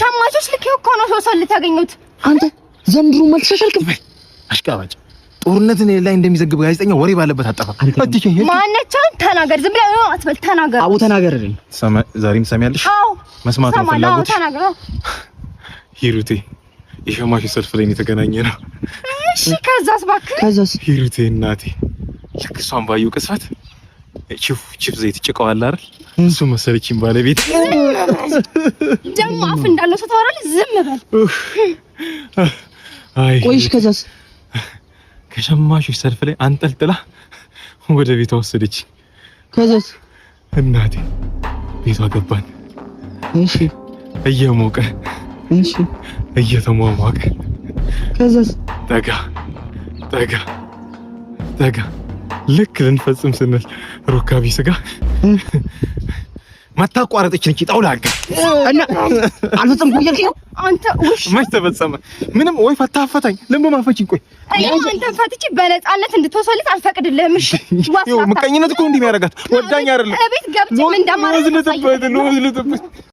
ሸማቾች ልክ እኮ ነው ሰው ሰው ልታገኙት። አንተ ዘንድሮ መልሰሻልክም አሽቃባጭ ጦርነትን ላይ እንደሚዘግብ ጋዜጠኛ ወሬ ባለበት አጠፋ። ማነቻን ተናገር፣ ዝም ብለህ አትበል፣ ተናገር። አቡ ተናገር። ዛሬም ሰሚያለሽ? አዎ፣ መስማት ነው ፍላጎት። ሂሩቴ የሸማቾች ሰልፍ ላይ የተገናኘ ነው። እሺ፣ ከዛስ? እባክህ ከዛስ? ሂሩቴ እናቴ ልክ እሷን ባየሁ ቅስፈት ቺፕ ዘይት ጭቀዋል አይደል? እሱ መሰለችኝ ባለቤት። ደግሞ አፍ እንዳለው ሰው ታወራለህ። ዝም በል። አይ ቆይሽ። ከዛስ ከሸማቾች ሰልፍ ላይ አንጠልጥላ ወደ ቤቷ ወሰደች። ከዛስ እናቴ ቤቷ ገባን። እሺ እየሞቀ እሺ እየተሟሟቀ ከዛስ ጠጋ ጠጋ ጠጋ ልክ ልንፈጽም ስንል ሩካቢ ስጋ መታቋረጥችን ነች። ጣውላ አገ እና አልፈጽም ኩየልኪ አንተ ውሽ መች ተፈጸመ? ምንም ወይ ፈታ ፈታኝ ለምን ማፈችኝ? ቆይ አንተ ፈትቼ በነፃነት እንድትወሰልት አልፈቅድልህም። እሺ ምቀኝነት እኮ እንዲህ የሚያደርጋት ወዳኝ አይደለም። ቤት ገብቼ ምን እንደማረግ ነው ልጥበት